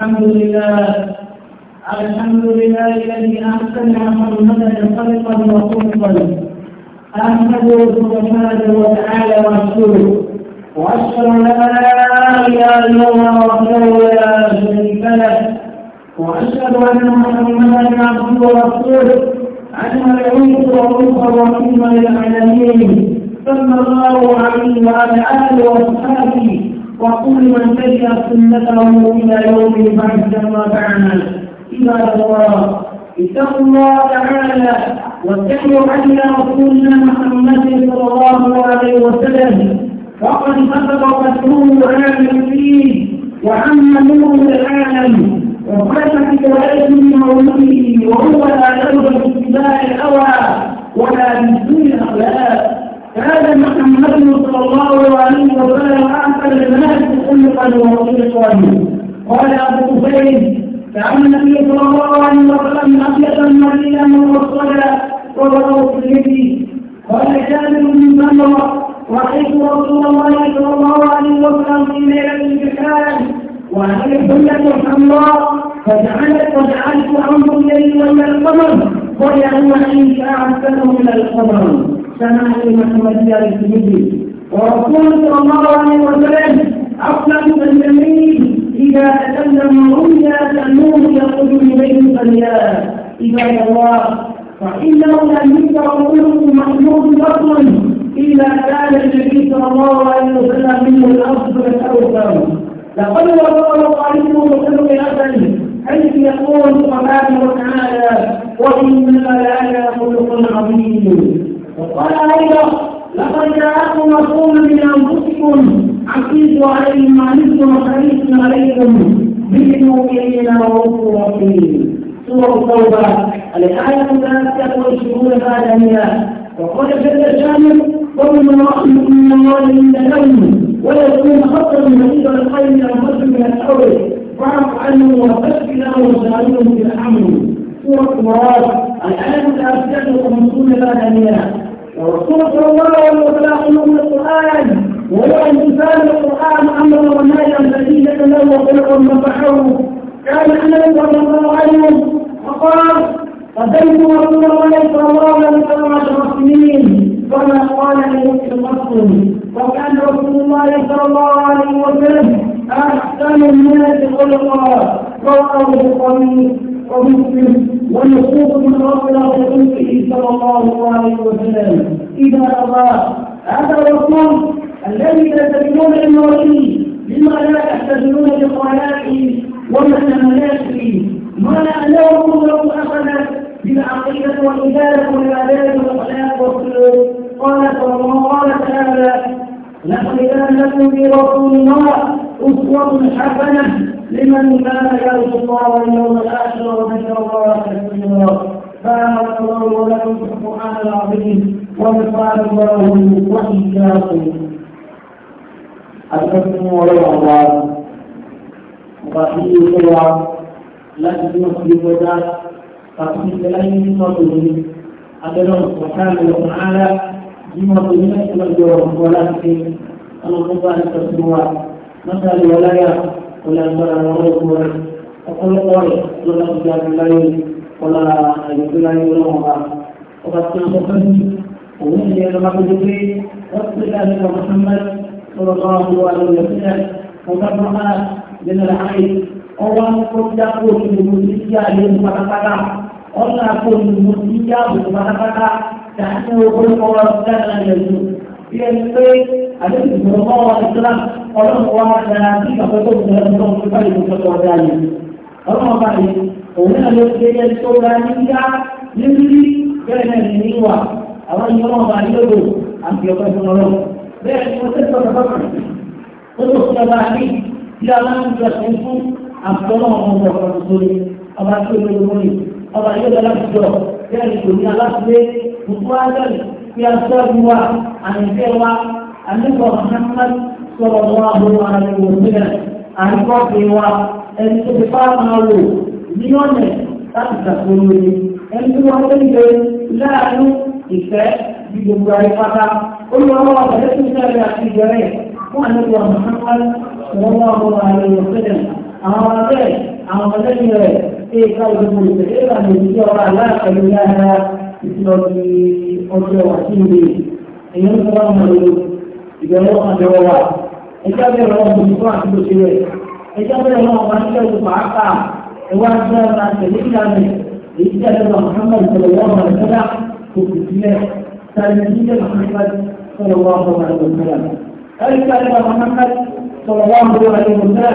الحمد لله الحمد لله الذي أحسن محمدا خلقا وخلقا احمد سبحانه وتعالى واشكره وأشهد أن لا إله إلا الله وحده لا شريك له وأشهد أن محمدا عبده ورسوله أنه يعود رؤوفا رحيما للعالمين صلى الله عليه وعلى آله وصحبه وكل من تبع سنته إلى يوم البعث ما فعل عباد الله اتقوا الله تعالى واتبعوا عنا رسولنا محمد صلى الله عليه وسلم وقد كتب رسول عالم فيه وعم نور العالم وخلف بولاده مولده وهو لا يرضى باتباع الهوى ولا بسوء الاخلاق فهذا محمد صلى الله عليه وسلم احسن الناس خلقا ورسولا قال ابو زيد فعن النبي صلى الله عليه وسلم ابيض مريلا موصلا في اليد قال جابر بن سمره رايت رسول الله صلى الله عليه وسلم في ليله البحار وعليه حله حمراء فجعلت وجعلت عنه الليل من القمر ويعلم ان شاء من القمر كما الله عليه وسلم أقسم الجميل إذا تكلم رؤيا تنور يخرج من بين الخليات عباد الله فإنه لم جدا إذا الله هذا الرسول الذي تلتزمون بنوره لما لا تحتجون بقناته ومحملاته ما لا لو اخذت بالعقيده والإدارة والعباده والاخلاق والسلوك قال صلى الله تعالى لقد كان لكم في رسول الله أسوة حسنة لمن كان يرجو الله واليوم الآخر وذكر الله كثيرا بارك الله لكم في القرآن العظيم ونفعل الله وإياكم أتقكم ولو الله وقاتلوا سوى لكن يخرج ذات تقسيم لأي صدره أدلهم سبحانه وتعالى بما ظلمت مجرهم ولكن اللهم بارك سوى مثل ولاية ولا مرة ولا قوة وقل قولي لقد جاء الليل kọ́lá àyùkúlá ní ọlọ́wọ́n bá ọba tí wọ́n fẹ́ ní òun ní ẹ̀rọ máa gbogbo pé wọ́n ti dá ní ọmọ Muhammad sọ̀rọ̀ kan àwọn àlọ́yọ̀ sílẹ̀ ọba tó há nínú àáyé ọwọ́ akókò tí a kó ìdìbò tí kí a lè mú pátápátá ọ̀nà àkó ìdìbò tí kí a bò pátápátá tàbí ogún ọwọ́ sílẹ̀ lẹ́yìn bí ẹni pé àdéhùn ìgbìmọ̀ ọwọ́ ìsìlá ọlọ́run wá dára sí ìgbàgbọ́ tó ń bẹ̀rẹ̀ òun náà ló ṣe yẹ tó ra nígbà níbi bẹ́ẹ̀ náà ní níwà àwọn ìyọ́n ọba yóò àti ọba ìfọ̀nọ́rọ́ bẹ́ẹ̀ ni wọ́n tẹ́tọ́ ọ̀dọ́ kan ó tó fún ọba ní bí aláǹgbà tó fún àfọlọ́ ọmọ ọba lórí ọba tó lórí lórí ọba yóò lọ láti jọ bẹ́ẹ̀ ni kò ní aláṣẹ gbogbo ágbẹ̀rẹ̀ kí a sọ bí wa àyẹ̀fẹ́ wa àlẹ́kọ̀ọ́ Muhammad sọ̀rọ̀ wọn àbúrò ní ọ̀nà láti ṣàkóso ní ẹni tí wọ́n ń gbé láàánú ìfẹ́ bí gbogbo ayé pátá olùwàwọ̀ ọ̀bẹ̀rẹ̀ tó sẹ́rẹ̀ àti ìbẹ̀rẹ̀ fún àlejò àmàkánwálé ọ̀wọ́ àwọn àlejò sílẹ̀ àwọn abẹ́ àwọn ọ̀lẹ́yìn rẹ̀ ṣe ìka ìdìbò ìṣẹ̀lẹ̀ ìlànà ìdíjọ́ ọba aláàfẹ́lú yára ìtìlọ́bí ọjọ́ àti ìwé èyí ń sọ́wọ́ ọmọ ìlú ìbẹ̀rẹ̀ ọmọ ìjọba wa ẹjọ́ bẹ̀rẹ̀ ọmọ ìjọba àti ìlú sílẹ̀ ẹ̀wá jẹ́ ọ̀la tẹ̀lé ìlànà èyí tí àdébà Muhammad sọ̀rọ̀ wọ́n wà lọ́dà kò sì sílẹ̀ sáré nílé Muhammad sọ̀rọ̀ wọ́n wà lọ́dà. ẹ̀rí tí àdébà Muhammad sọ̀rọ̀ wọ́n wà lọ́dà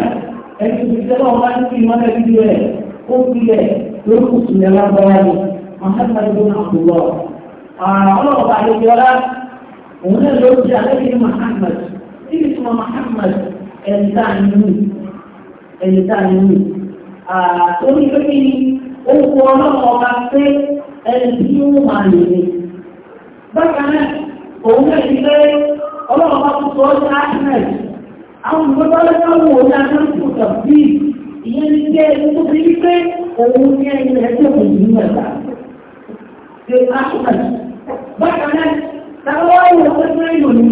ẹ̀rí tí ìjọba wọn bá ń fi ìmọ̀lẹ̀ bí rẹ̀ ó filẹ̀ lórúkú sílẹ̀ lágbára ni Muhammad ló ń àkùlọ̀. ọlọ́ọ̀bà àdébíọ́lá òun náà ló ti àlẹ́ Muhammad ẹ̀ńtà nínú ẹ̀ńtà nínú torí pé kí ni ó ọba pé ẹni tí ó máa lè ní. Bákan náà, òun náà ti pé ọlọ́pàá tó sọ ọ́ sí Agnes. Àwọn ìgbésọ́ lọ́wọ́ wo ni Agnes kò sọ bí ìyẹn ní pé tó fi rí òun ní ẹni rẹ̀ tó kò ní ẹ̀ka. Ṣé Agnes? Bákan náà, táwọn wá wò ó pé ìlú ni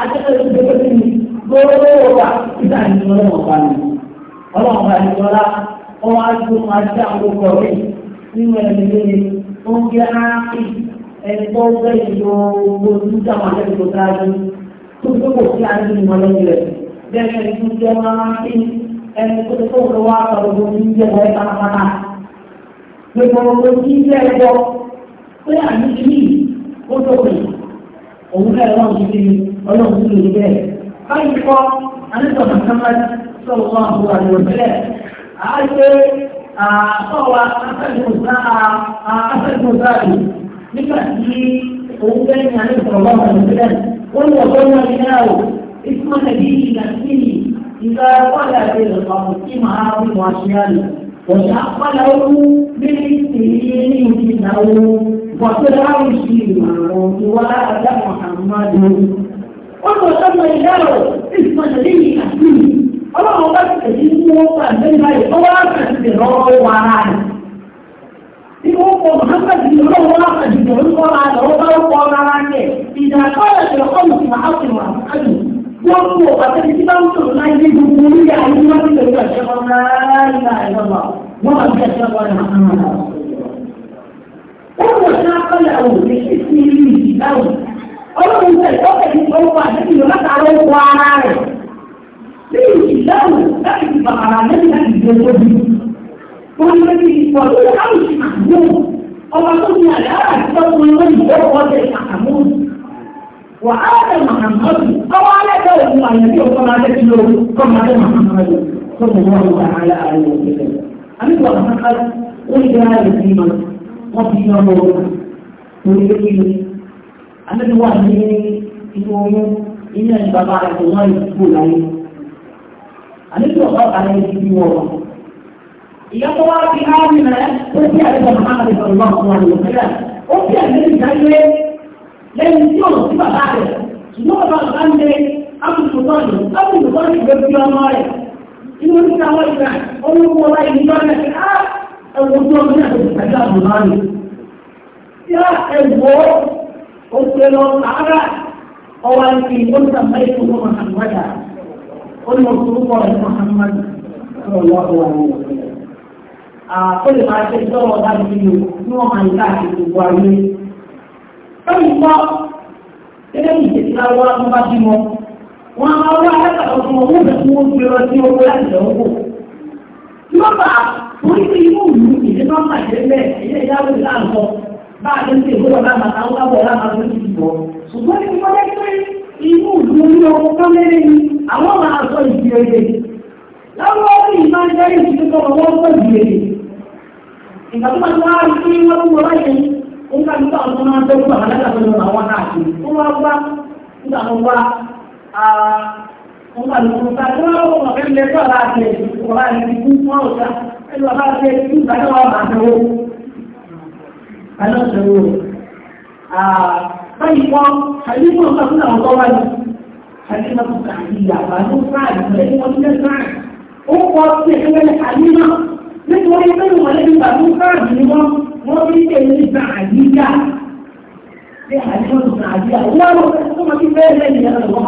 Adékọ̀ọ́ ti gbé pé ní gbogbo ọba ìdáyìí ọlọ́pàá ni. Ọlọ́pàá ni wọ́n wá ju àti àwọn ọkọ̀wé nínú ẹni lé tó ń jẹ́ áàpì ẹni tó ń bẹ́ ìlú owó dúdú àwọn àlejò tó dájú tó tó kò sí àti ìmọ̀ lẹ́yìn rẹ̀ bẹ́ẹ̀ ni tó jẹ́ áàpì ẹni tó tó kò wá àtàwọn ọmọ ní jẹ́ wọ́n pátápátá. Gbogbo ọmọ tí ń jẹ́ ẹ̀bọ pé àmì ìlú ó tó pè òun náà lọ́wọ́ ti fi ọlọ́run tó lè bẹ́ẹ̀. Báyìí kọ́, àáṣe àtọ́wà afẹ́gbọ̀nsáàlì nígbà tí òun fẹ́yìn àlẹ́ sọ̀rọ̀ bá wọn sílẹ̀ ó ní ọ̀gọ́ náà ní náà o ìtumọ̀ nàbí ìgbà sí ìgbà wàlẹ̀ àti ìrọ̀pàmù tí màá fi wọ́n ṣe àlẹ́ wọ̀nyá pàlàwọ́ bí ìrìn ní ìdí ìnáwó wàtúrà ìṣì ìmọ̀ràn ìwọ́lá àdá Muhammadu. Wọ́n kò sọ́mọ ìdáwọ̀ ìsìnkú ọlọ́run bá ti tẹ̀lé ní wọ́n pa lẹ́yìn báyìí ọwọ́ àkàtì lè lọ́wọ́ pé wà á rẹ̀. Bí wọ́n kọ Muhammad ní ọlọ́run wá àkàtì lè lọ́wọ́ ra lọ́wọ́ bá ń kọ́ rárá yẹ. Ìdàkọ́lẹ̀ ṣe ọkọ̀ mi máa ń wà áyù. Wọ́n mú ọ̀pá tẹ́lẹ̀ tí bá ń sọ̀rọ̀ láì ní gbogbo orí ayé wọ́n ti tẹ̀lé ẹ̀ṣẹ̀ wọn rárá ìlà ìlọ́wọ́. Wọ́n tí ìdáhùn láti fi bàbàrà lẹ́yìn láti gbé tóbi. Wọ́n ní wọ́n ti sọ lórí àwùjọ àgbò. Ọba tó ní àlẹ́ àrà tí wọ́n fún wọn ní ìjọ ọ̀dẹ àkàmú. Wà á tẹ Màhàmọ́dù. Ọwọ́ alẹ́ bẹ́ẹ̀ òun àyàn bí ọkọ máa tẹ́tí lóru kọ́ máa tẹ Màhàmọ́dù. Tó mọ̀ wọ́n wà á lẹ́ àyè òun bẹ̀rẹ̀. Àbí wọ́n máa ká wọ́n ní bẹ́ẹ̀ àyè sí ma wọ́n fi yọ ọmọ wọn. Torí pé kí ni? Àbẹ́ni wà ní inú oyún ilé ìbàbá rẹ̀ kò wọ́n ìdúgbò láyé. àdéhùn ọ̀gá àlẹ́ ìdí wọ̀ wá. ìyàtọ̀ wa fi hàn mí rẹ̀ ó fi àdéhùn Muhammad sọ̀rọ̀ ọ̀hún àlùkò sílẹ̀ ó fi àdéhùn ìdájọ́ lẹ́yìn tí ò sí bàbá rẹ̀ ṣùgbọ́n bàbá bàbá ń lé ábùsùtọ́lù ábùsùtọ́lù ìgbé fi ọmọ rẹ̀ inú ní àwọn ìgbà olóko ọlá ìdíjọ́ rẹ̀ á ẹ̀wọ̀n tó ọdún náà ti tẹ̀lé àbùmá rẹ̀. tí a ẹ̀wọ̀ òṣèlú ọ̀sán ara ọwọ́ àti ìgbóǹsà mẹ́rin tó wọ́n máa ń wáyà. قل مصروف على محمد صلى الله عليه وسلم قل ما تشتروا ذلك اليوم نوعا láti lọ wò tí bá orí ti inú ìlú ìdí máa ń bàjẹ́ ìdáwó ìlànà bá a ń ṣe inú ìlú ní ọmọ kámẹ́rẹ́ ni àwọn máa sọ ìdíyẹ̀dẹ̀ láwọn ọdún yìí jẹ́ ìdílé tó wọ́n sọ ìdíyẹ̀dẹ̀ ìgbà tó máa ń ó tó àwọn báyìí àwọn tọ́wá ni àdínú ọ̀gá ìyá àbájú fáàlì lẹ́yìn wọn jẹ́ fáàlì ó kọ́ sí ẹgbẹ́ àdínú nítorí pé wọ́n lẹ́yìn àbájú fáàlì ni wọ́n wọ́n rí èyí gba àdíyá ní àdínú ọ̀gá àdíyá wọ́n lọ tó máa fi bẹ́ẹ̀ lẹ́yìn ẹ̀rọ wọn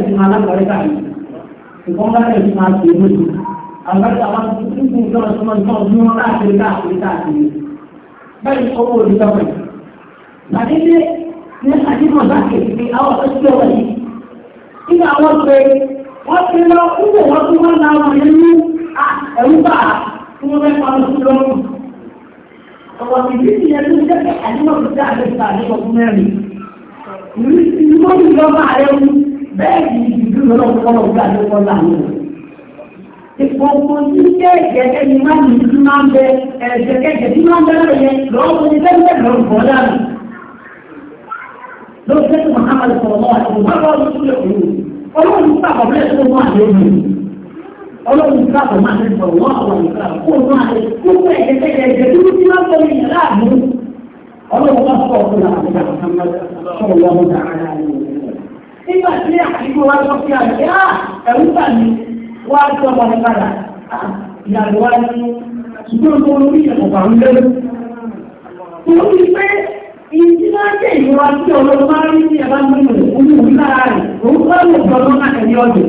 àti wọn ṣùgbọ́n láti ẹ̀sìn máa ṣe lóṣù àgbàdo àwọn tuntun kù lọ́wọ́ tó máa gbọ́n ní wọn káàkiri káàkiri káàkiri bẹ́ẹ̀ ni owó òní lọ́wọ́ yìí àdéhùn ní àdéhùn bá kéde àwọn tó ṣe wọ̀ yìí nígbà wọn pé wọ́n ti lọ kúrò wọ́n tún wọ́n náà wọ́n nínú ẹ̀rú bá tí wọ́n fẹ́ pa lóṣù lọ́wọ́ ọ̀pọ̀ ìdíjì yẹn ló ń jẹ́ àdéhùn tó dáa lóṣù àdéhùn fún mẹ́rin ìlú ìlú ìjọba àrẹ wọn. bẹ́ẹ̀ ni ìdúró lọ́wọ́ kọ́lọ̀ gbà ló kọ́ láàrin rẹ̀. Ìpọ̀pọ̀ tí ni máa ń bí máa ń bẹ tí máa ń bẹ lọ́wọ́ tẹ́lẹ̀ sọ̀rọ̀ lọ́wọ́ àti lọ́wọ́ tó lè kúrò. ń pàpọ̀ bẹ́ẹ̀ tó ń pàpọ̀ máa ń sọ̀rọ̀ àwọn ìgbà kó nígbà tí àdúgbò wa sọ fún àgbẹ̀ á ẹ̀rú bà mí wá sọ ọmọ mi padà ah, ìyàwó wa ní ṣùgbọ́n tó ń rí ìyàwó àwọn lẹ́nu. Torí pé ìdí máa ń jẹ́ ìrora tí ọlọ́run bá rí ní ẹ̀bá mímu omi òun lára rẹ̀ òun bá lò gbọ́ lọ́nà ẹ̀yẹ ọ̀dọ̀.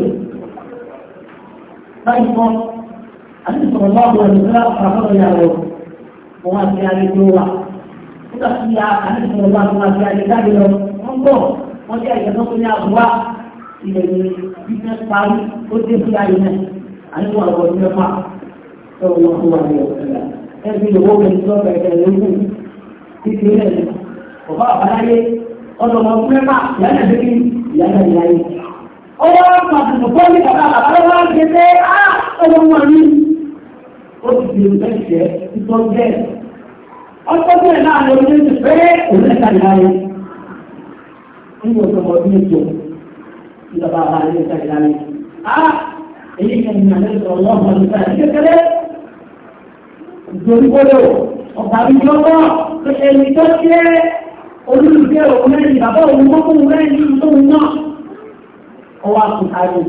Báyìí kan, àti sọ̀rọ̀ bá wọ ìdílé àpapọ̀ ìyàwó wọn àti àlejò wa. Nígbà tí a àti sọ̀rọ̀ bá wọn àti àlejò wọ́n jẹ́ ìyẹn tó ní àbúwá ilẹ̀ ní business parí ó dé sí ayé náà àyẹ̀wò àwọn ọ̀dọ́ mẹ́fà tó wọ́n fún wa ní ọ̀sẹ̀ ẹ̀sìn ìwọ́ òkèlè tó bẹ̀rẹ̀ lókun títí ilẹ̀ ní ọ̀bá àbáláyé ọ̀dọ̀ wọn fún mẹ́fà ìyáná dékì ìyáná ìyáyé. ọwọ́ pàtàkì kọ́ ní bàbá bàbá ń ṣe pé á ọwọ́ wọn ní nínú ọjọ́ ọdún ètò ìjọba àbá ilé ìta ìlànà a èyí kan ní àlẹ́ sọ̀rọ̀ wọn ọmọ ìta ìlú kékeré ìjọba ìwọlé o ọ̀gá mi jọ bọ́ ẹni tó ṣe olùdíje òun mẹ́rin bàbá òun tó kún mẹ́rin ní ìlú náà ọwọ́ àkùnkàrò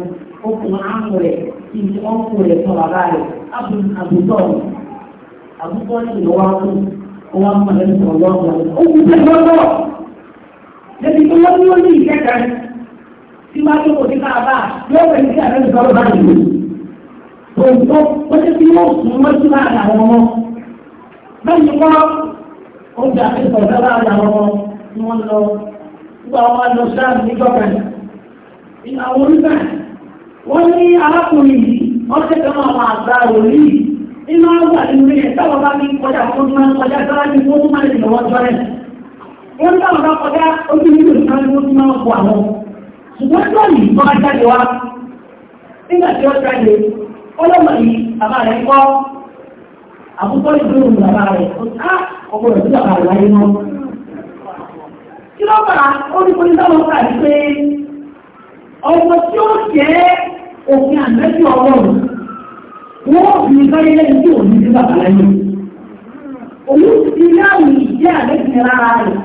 okùn àmú rẹ̀ ìlú ọ̀kùn rẹ̀ fún bàbá rẹ̀ àbùtọ̀ àbùtọ̀ ìlú wa kú ọwọ́ àmú àlẹ́ sọ̀rọ̀ wọn ọmọ ìta débi tó wọ́n ní ó ìkẹ́kẹ́ tí máa tó kò sí ká bá yóò wẹ̀ sí àbẹ́rẹ́ sọ́rọ́ bá nìyí. Òǹtọ́ ó ti fi yóò sùn wọ́n sí láàrin àwọn ọmọ. Bẹ́ẹ̀ni kọ́ oúnjẹ àfihàn ọ̀dọ́ láàrin àwọn ọmọ ni wọ́n lọ. Nígbà wọn lọ sáàmù ní gbọ́kàn. Ìyàwó nígbà wọ́n ní arákùnrin yìí wọ́n tẹ̀sẹ̀ wọn àwọn àgbà òní nínú àwọn àgbà táwọn bá ní kọjá fún ọdún máa ń kọjá fún ọdún lọ́wọ́ wọ́n táwọn bá kọjá ojú nínú ìkan ni wọ́n máa ń àwọn. ṣùgbọ́n tó yìí tó jáde wá nígbà tí ó jáde ọlọ́mọ yìí bàbá rẹ̀ kọ́ bàbá rẹ̀ ó ká ah, bàbá rẹ̀ láyé kí ló bá kà ní pé tí ó jẹ́ òfin ọlọ́run wọ́n fi báyé lẹ́yìn tí òun bàbá láyé. òun ti ní àwọn ìjẹ́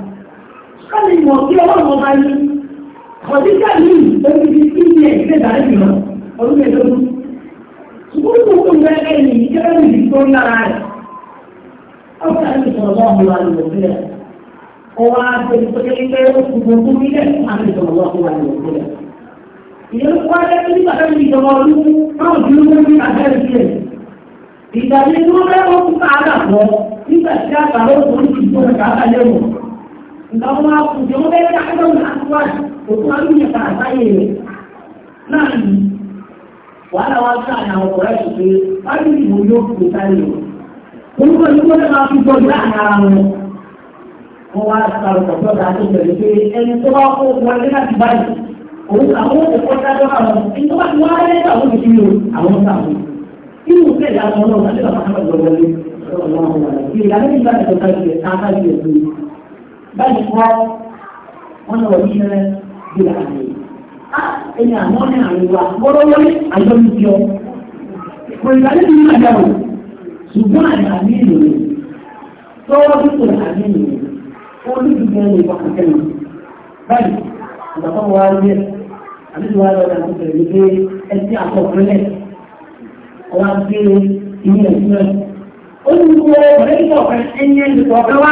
káàlì mọ̀ sí ọlọ́run ọba yìí kọ̀díjà yìí lórí ti kí ní ẹ̀jẹ̀ dàrí jùlọ ọdún mẹ́ẹ̀ẹ́dógún ṣùgbọ́n tó kún ní ẹ̀yìn ìjẹ́rẹ́ mi tó ń lára rẹ̀ ọ̀pọ̀ àti ìṣọ̀rọ̀ ọ̀hún wa lò sílẹ̀ ọwọ́ àti ìṣọ̀rọ̀ ọ̀hún tó ní ilẹ̀ àti ìṣọ̀rọ̀ ọ̀hún wa lò sílẹ̀ ìyẹn wá lẹ́yìn nígbà tó ń ìjọba ọdún náà ìgbà tí wọ́n fẹ́ wọ́n kú káàdà pọ̀ nígbà tí àgbà ó ìgbàwọ́ máa kù jẹ́ wọ́n bẹ́ẹ̀ dákẹ́lọ́ ní àtúwájú òkú alúyẹ̀ kan àbáyé rẹ̀ náà ni wàhálà wa sí àyà ọ̀rẹ́ ṣùgbẹ́ wájú ìbò yóò kú sáré o orúkọ ní kó lẹ́nu àti gbọ́dọ̀ láàrin ara wọn wọ́n wá sàrò pọ̀jọ́ ta tó bẹ̀rẹ̀ pé ẹni tó bá kó wọlé láti báyìí òun àwọn òkò dájọ́ àwọn ẹni tó bá ti wá lẹ́yìn àwọn òṣìṣẹ́ àwọn sàwọn inú bẹ́ẹ̀ làwọn ọlọ́run àti bàbá àgbà lọ́wọ́lé ọlọ́run wà lẹ́yìn ìlànà ìgbà tó ta ìgbà tó ta ìgbà tó báyìí kọ́ wọ́n lọ rí ẹrẹ́ bí ààrẹ ah, ẹni àwọn ní àríwá gbọ́dọ̀wọ́lé àjọyọ̀ pẹ̀lú ní àjọyọ̀ ṣùgbọ́n àìsàmì ìròyìn tọ́wọ́ bí kò àmì ìròyìn ó ní ẹni ìpàkàtẹ́nu ẹni ẹni ìtọ̀ọ̀kan wá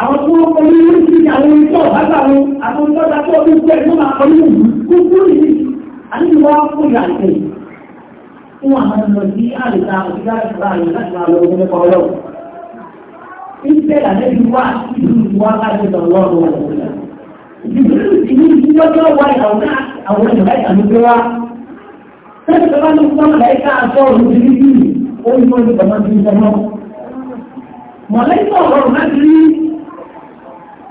àwọn tó ń kọlu ní ti àwọn ìjọ àgbàwọn àwọn ìjọ àti ọdún pẹ̀ ló máa kọlu kú kú ní àníwá fún ìyàtọ̀ fún àwọn ọmọ sí àrùta òṣìṣẹ́ àṣìṣẹ́ àrùn láti máa lọ ọdún nípa ọlọ́run. Ìṣẹ́ ìlànẹ́bí wà ìlú ìwà láti lọ lọ́rùn ọ̀rọ̀. Ìdílé ìlú ìjọba wa ìlànà àwọn ìjọba ìtàlùkọ́ wa. Sẹ́yìn tó bá ní fún ọmọ ẹ̀ka àṣọ òun ti rí bí ó ń mọ ìgbàmọ́ ti ń sọmọ́. Mọ̀lẹ́kọ̀ ọ̀rọ̀ láti rí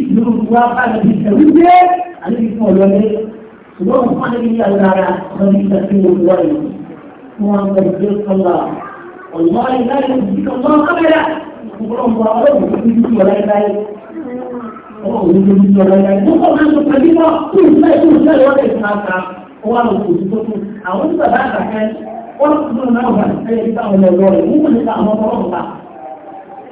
ìlú wa bá lè fi tẹ̀wé gbé àlébi fún ọ̀lọ́lé ṣùgbọ́n wọn fún àlébi yà lára lọ́dún ìgbà tí wọ́n wá yìí fún wọn bẹ̀rẹ̀ gbé kọ́lá ọ̀lọ́ ìláyé òbí kan lọ́wọ́ kámẹ́rà ọ̀pọ̀lọpọ̀ ọmọ ọlọ́run tó ti dúró láéláé ọmọ òun tó ti dúró láéláé tó kọ́ máa ń sọ pẹ̀lú wọn tó ìfẹ́ tó ìfẹ́ wọn lè fún aka wọn lọ kò tó tó àwọn tó bàbá àgbà fẹ́ wọn tó tó náà wà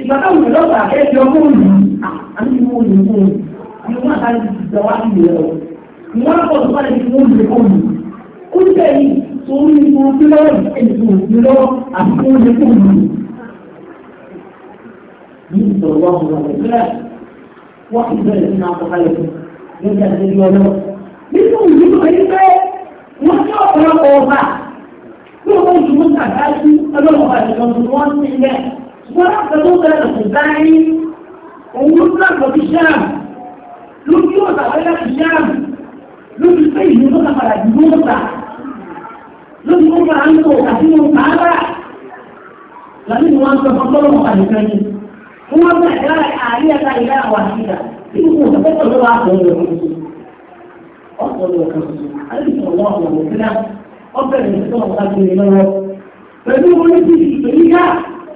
ìgbàtàwùn lọ́pàá akẹ́kẹ́ ọgọ́rùn-ún àti ìwọ̀n olùkọ́ ni wọ́n bá ti gbà wá sí ilẹ̀ ọ̀ wọ́n á bọ̀dọ̀ báyìí ní wọ́n lè kọ́ni ó jẹ́ yìí tó ń ní fún bí lọ́wọ́ ẹni tó ń lọ́wọ́ àti kó lè kọ́ni. ní ìsọ̀rọ̀ wa kò wọ́n bẹ̀rẹ̀ wọ́n ti bẹ̀rẹ̀ sí náà kọ́kálẹ̀ fún lórí àtẹ́lẹ́ ọlọ́ nínú ìlú pé wọ́n ní ọ̀pọ̀lọpọ̀ ọba tí wọ́n ń ṣubú tàbí ọlọ́pàá ìjọba wọn ti ń bẹ́ẹ̀. ورفض دوكا الخزاعي ومطلق في الشام لو يوضع غير في الشام لو يفيه يوضع على الجنوبة لو يوضع عنه وكثير تعالى لمن هو أنت فضل مخالفين هو أن إله آلية إله واحدة يقول تفضل الله عز وجل أفضل وكرسي عليه الله عليه وسلم أفضل من سنة الله عليه وسلم فبيقول لك في الشريعة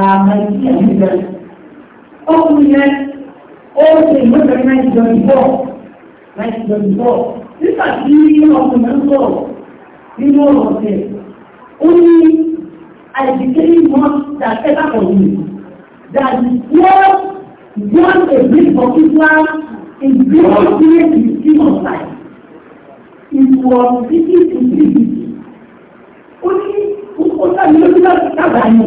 àmàlìkí àyíká. Ọkùnrin yẹn ó ṣe ìwọ́sẹ̀ náà ìjọ ìbọ̀ náà ìjọ ìbọ̀. Nígbà tí ọkùnrin sọ̀rọ̀ nínú ọ̀rọ̀ ọ̀sẹ̀, ó ní àìsíkéré wọn dàtẹ́ lápọ̀ yìí. That wọ́n wọ́n a big particular is very serious in human life. It was fifty to fifty. Ó ní ó sáré lójú láti kábàáyé.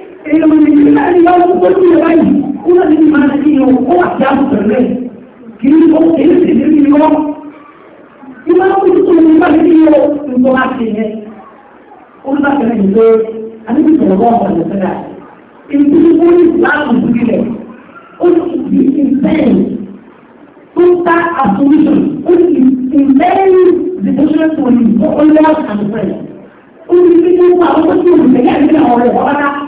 èèyàn mi kí ní láti bá wọn gbọ́dọ̀ yẹ báyìí kó láti fi máa ti yọ kó wà sí àbùkù rẹ̀ kì í kó èyí sì ní kí wọ́n. ìgbà wọn kò tó ní báyìí kí yọ nǹkan máa ṣe yẹn. ó ní bá tẹ̀lé yìí pé àdébí sọ̀rọ̀ bọ́ ọmọ rẹ̀ fẹ́ra. èyí tó ní láàbù sílẹ̀ ó ní ìdí ìfẹ́yìn tó ta àforíṣàn ó ní ìfẹ́yìn devotion to him for only one and friend. ó ní kí wọ́n pa àwọn tó ti rò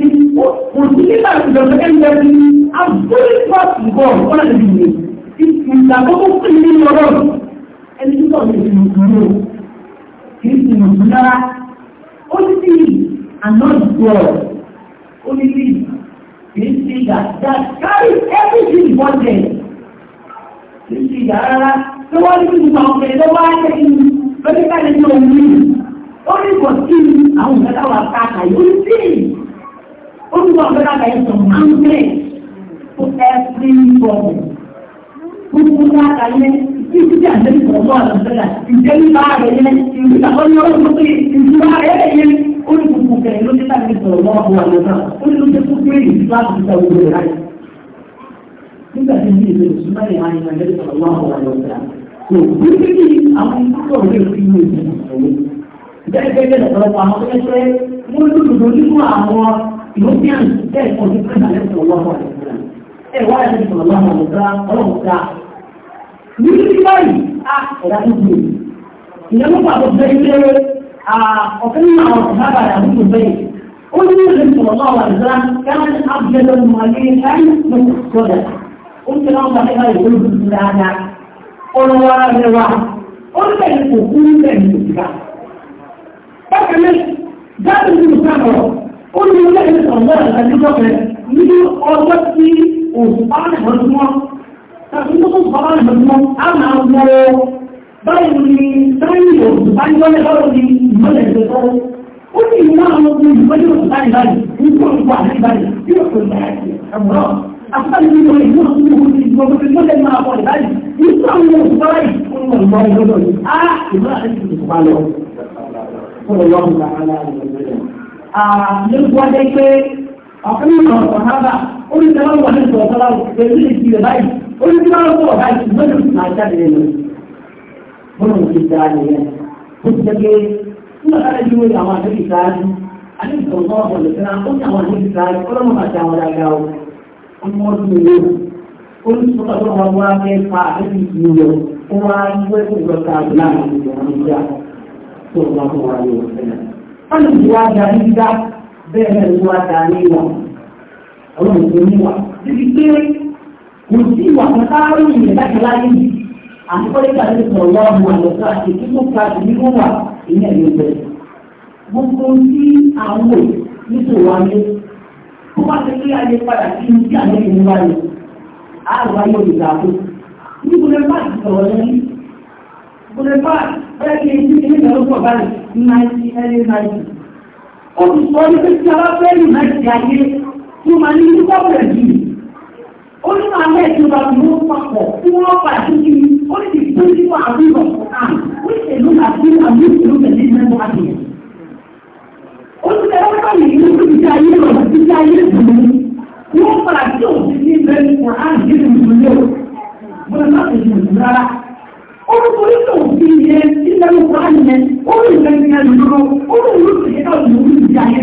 kò sí nígbà ìjọba ẹgbẹ́ ní abúlé pàtì bọ̀ wọ́n lè dìde ìgbàgbọ́gbọ́ pín ní ọ̀rọ̀ ẹni tó sọ̀rọ̀ èdè mùsùlùmí o kì í sì mùsùlùmí rárá ó ní sí ànọ́dùgbọ̀ ó ní sí kì í sí ìgbà that carry everything for them kì í sí ìgbà rárá tó wọ́n ní sí ìgbà ọ̀kẹ́ tó wá ṣe kí ni lọ́dún ká lè ní òun ní ó ní kò sí àwọn ìgbàláwà ó ń sọ pé bàbá yẹn sọ àǹtẹ̀ fún ẹ̀sìn bọ̀ọ̀bù. Gbogbo wa kà yẹ títí tí àti ẹ̀sìn bọ̀ọ̀bù àti ọ̀sẹ̀dà ìjẹ́ nípa rẹ̀ yẹn ìjìlá ọ̀nà ọ̀rọ̀ pé ìjìlá rẹ̀ yẹn ó ní gbogbo kẹ̀lẹ́ ló ti tàbí sọ̀rọ̀ lọ́wọ́ àwọn ọ̀sán ó ní ló ti kú pé ìjìlá ti sọ gbogbo rẹ̀ láyé. Nígbà tí mi ìlú ìsúná yẹn ìlúmíàn bẹ́ẹ̀ kọ́ sí pé ìlànà ìṣòro lọ́wọ́ àìsàn ẹ̀ wá ẹni ìṣòro lọ́wọ́ àìsàn ọlọ́run ká ní bí báyìí á ẹ̀dá tó gbé ìyẹn ló pàtó bẹ́ẹ̀ pé ọ̀kan nínú àwọn ọ̀sán bàbá rẹ̀ àbúkù bẹ́ẹ̀ ó ní ìṣòro ìṣòro lọ́wọ́ àìsàn káwọn abúlé lọ́wọ́ àìsàn ó ti náà wọlé náà ìwé ìdúró dáadáa ọlọ́wọ́ rẹ wa ó ń bẹ̀rẹ̀ kò kú ń bẹ̀rẹ̀ kò sí ká. bákan náà jáde nínú sáà ó ní ilé ìsọ̀ náà àtijọ́ rẹ̀ ní ọjọ́ tí òṣù bá ó ní ìlú àwọn ọmọ ìgbẹ́lẹ̀ òṣù bá rẹ̀ báyìí ní kó ìgbà rẹ̀ báyìí tí ó kò lẹ́ àmúrọ̀ àfáàlì nínú ìlú òṣù tó ti gbọ́ pé mọ́lẹ̀ máa bọ̀ báyìí ní kó àwọn òṣù bá ó ń lọ ìmọ̀ ìgbọ́dọ̀ yìí á ìmọ̀ àti ìṣẹ̀tọ́ bá lọ lóògbọ́dé pé ọkùnrin náà sọ náà oríṣi wọn wọlé sọ ọ̀tọ̀ láwùjọ pẹ̀lú ìdílé báyìí oríṣi wọn sọ ọ̀gá ìṣùgbọ́n ní máa jáde lẹ́nu bọ́lá ní ti dáa nìyẹn ó ti dẹ́gbẹ́ nígbà táwọn ẹbí wọ́n àwọn àdébì sáájú àdébì sọ̀rọ̀ náà wọ̀ lẹ́sẹ̀ náà ó ní àwọn àdébì sáájú ọlọ́mọ àti àwọn dàgbà ó ọmọ ọdún ìlú oríṣi wọn sọ wọn wá fẹ́ fa àdébì ìlú wọn wá wẹ́ẹ̀kì lọ́ta àdúrà àti ìjọba kánù tí wá darí dá bẹ́ẹ̀ ni wá darí wà àwọn ìgbòmí wà títí pé kò sí ìwà kan táwọn ènìyàn láti láyé yìí àkọ́lẹ́gbà ti sọ̀rọ̀ wá mu àlọ́sọ àti kíkó ka ìlú wà ìyẹn ní ìbẹ̀rẹ̀ gbogbo tí àwọn nítorí wa ní kó bá ti rí ayé padà sí ní tí àwọn ènìyàn wá ní àrùn ayé olùdàgbò nígbòlẹ́ báyìí sọ̀rọ̀ lẹ́yìn gbòlẹ́ báyìí bẹ́ẹ̀ kí ní kí ní ìdánwò báyìí náìtì ẹni náìtì. Ó ti sọ ní pé tí a bá fẹ́ ní náìtì ayé tó máa ní ní kọ́pẹ̀lẹ̀ jù. Ó ní máa mẹ́ ìjọba mú papọ̀ tí wọ́n pa àtúntì ó sì tó ní wà á rírọ̀ kọ̀ọ̀kan ó sì ló máa fi àmì ìlú pẹ̀lú ìmẹ́wọ́ àti. Ó ti tẹ́wọ́ báyìí ní kí ní ayé rọ̀ sí ayé ìbùdó. Wọ́n padà tí òfin ní ìbẹ̀rù orúkọ nínú òfin yẹn nílẹ̀ òkúra yẹn orí ìfẹ́ ti orí ìlú ti ìdí ayé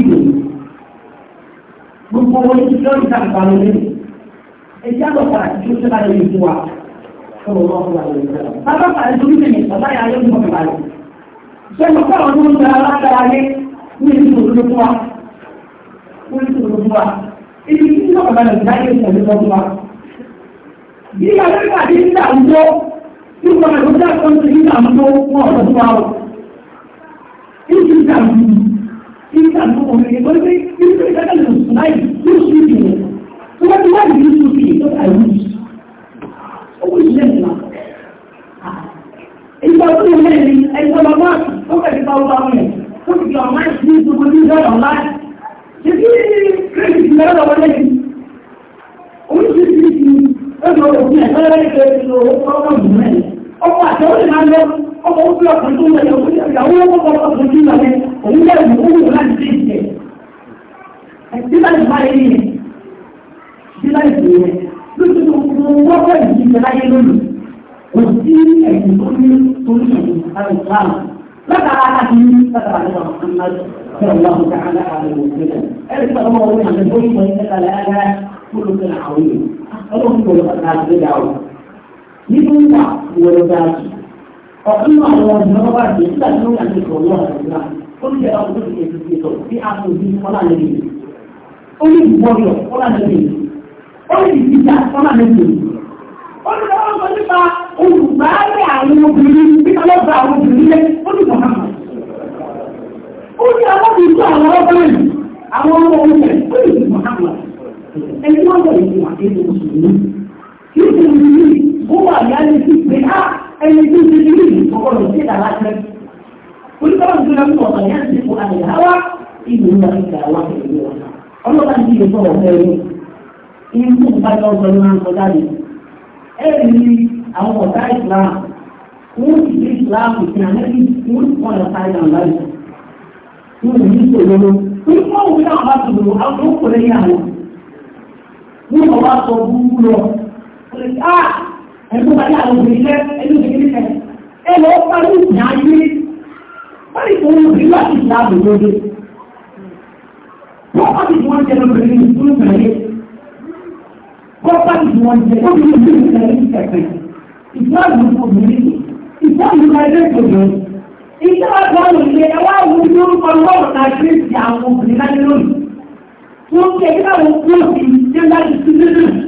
gbogbo wọn ti lọ́ọ̀rì dàgbà ẹjẹ́ àgbàpá tí ṣe bá lórí ìfúwa sọ̀rọ̀ wọn fún wa lórí ìfẹ́. bàbá pàdé tó ní tẹ̀lé rẹ̀. sọ̀rọ̀ pé àwọn tó ń nípa àdúgbà kan tó ní àmọ́ wọn ọ̀rọ̀ fún wa o. Níbi ìgbà mi, nígbà tó wọ̀ gbé nígbà ìgbà kan láì ní oṣù ìdìbò. Wọ́n bá ti wá ìlú tó fi ìtọ́ ta ìlú. Owó ìṣẹ́ ìlà. Ìgbà tó yẹ mẹ́rin, ẹ̀sọ́ bàbá àti ọkọ̀ ti gbà máa ṣe ìṣòro ní ìjọba ọ̀la. Ṣé kí kírẹ́dìtì lọ́dọ̀ wọlé yìí? Oríṣiríṣi ẹ̀sọ́ òfin ẹ̀sọ́ lẹ́yìn kẹ́kẹ́ mẹ́rin ọmọ àtẹwọ́lì máa lọ ọmọ ó fúlọ̀ pẹ̀lú ìyàwó ọmọ ọkùnrin tí wọ́n lẹ òun lẹ́ ìwúrò láti dé ìjẹ. Ẹ̀sìn láti máa yé yẹn. Ẹ̀sìn láti dé yẹn. Lóṣù tó kú wọ́pọ̀ ìdíje láyé lónìí. Kò sí ẹ̀sìn tó ní torí ẹ̀sìn àti ìsìlámù. Látara láti ní látara ní àwọn ọmọ الله تعالى عليه وسلم. ألف الله عن الحكم وإنك لأنا كل عظيم. اللهم صل على سيدنا nínú wà ìwé ló dáa jù ọ̀kan náà àwọn ọ̀dùnmọ́ bá tí wọ́n yà ní ìkọ̀wé ọ̀rọ̀ ó ní ìjọba tó ti ètò ti bí a kò ní ọlá lẹ́yìn ó ní ìgbọ́yọ̀ ọlá lẹ́yìn ó ní ìdíjà ọlá lẹ́yìn ó ní nípa olùgbàálẹ̀ àwọn obìnrin nípa lọ́gbà àwọn obìnrin lẹ́ ó ní ìgbọ̀nà ó ní alábìnrin tó àwọn ọlọ́gbọ̀n àwọn ọmọ ọmọ ẹ̀ ó ní ìgbọ̀nà ẹni wọ́n yọ ìgbọ̀nà ó wà láyé sí pé á ẹni tó ti rí ìlú ọgọ́rùn sí ìdàlá tẹ́. Olúkọ́lọ́n tó lọ́mú ndị yá sí ipò àlè àwa ìlú ńlá ìgbà wa pẹ̀lú ọ̀sán. Ọlọ́ba ti fẹ́rẹ́. tó ń Ẹ rí àwọn ọ̀tá ìsìlámù. Wọ́n ti ìsìlámù wọ́n ti kọ́ Wọ́n ti ẹ̀kọ́ bá yà àwọn òṣìṣẹ́ ẹni òṣìṣẹ́ kẹ ẹ lọ parí ìjà ayé wọ́n ní kò ń rí láti ìjà àbòjọ́dé wọ́n bá ti fi wọ́n jẹ lọ́bìnrin ní ìlú ìbẹ̀rẹ̀ wọ́n bá ti fi wọ́n jẹ lọ́bìnrin ní ìlú ìbẹ̀rẹ̀ ní ìkẹ̀kẹ̀ ìjà àbòjọ́ obìnrin ìjà àbòjọ́ ẹgbẹ́ ìjọba ìjà àbòjọ́ ilé ẹwà àwọn ilé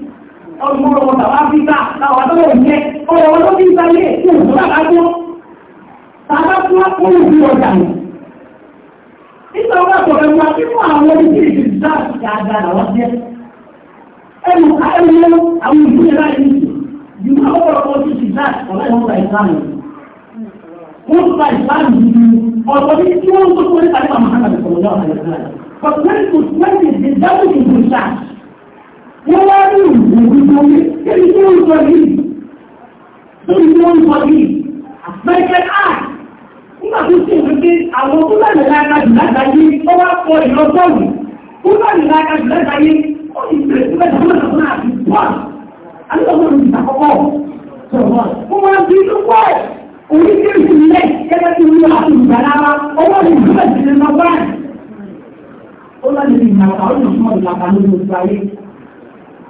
ọdún ọmọ tàbá fíta àwọn tó lè jẹ ọ̀rọ̀ wọn tó fi ń sáyé tí ò tó bàbá tó tàbá tó wá kó lù ú ọjà nù. nígbà wọn kọ̀ ẹ̀ wá nínú àwọn orí tí ìdí ìdá ìdáadáa làwọn jẹ. ẹnu ẹnu àwọn ìlú yẹn láyé nìyí yìí wọn kọ̀ ọ̀pọ̀ orí tí ìdá ọ̀rẹ́ wọn gba ìsìlámù. wọ́n gba ìsìlámù yìí ọ̀pọ̀ ní tí wọ́n tó kó nípa nípa mọ̀ wọ́n wá ní ìwòrán tó ní ẹni tó ń sọ yìí tó ní tó ń sọ yìí àfẹ́kẹ́ áì nígbà tó sì ń pé àwọn tó lẹ́nu lára jù látàyé ó wá kọ ìlọ́gọ́rùn tó lẹ́nu lára jù látàyé ó ti bẹ̀rẹ̀ tó bẹ̀rẹ̀ tó bẹ̀rẹ̀ tó náà ti pọ̀ àlọ́gbọ̀n ní ìtàkọ́kọ́ sọ̀rọ̀ ó wá bí tó pọ̀ oríṣiríṣi ilé gẹ́gẹ́ bí wíwá àti ìgbàlára owó ní ìgbàlá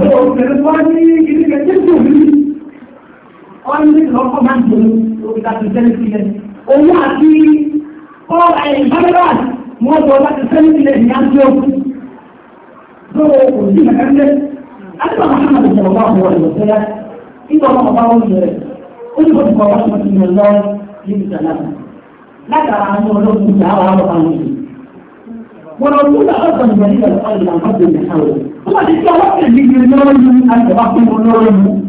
lọ bẹ̀rẹ̀ wá ní ilé ẹgbẹ́ tó rí wọ́n ní lọ́kọ́ máa ń gbòòrò òkìtàkì sẹ́lẹ̀ sílẹ̀ owó àti ọ̀rọ̀ ẹ̀yìn bábẹ́rẹ́ wọ́n lọ láti sẹ́lẹ̀ sílẹ̀ ní àjọ lọ́wọ́ òsì mẹ́kẹ́lẹ́ àdúgbò àwọn àmàlẹ̀ ìjọba àwọn ọ̀rọ̀ ìwọ̀sẹ́lá nígbà wọn ọba wọn bẹ̀rẹ̀ ó ní kòtùkọ̀ wọn ti mọ̀ lọ níbi sàlámù látara àwọn ológun ìjà àwọn àwọn àwọn ìjọ ورسول أرضا جليل الأرض عن قبل المحاول هو تتوقع بالنوري أن تبقى النوري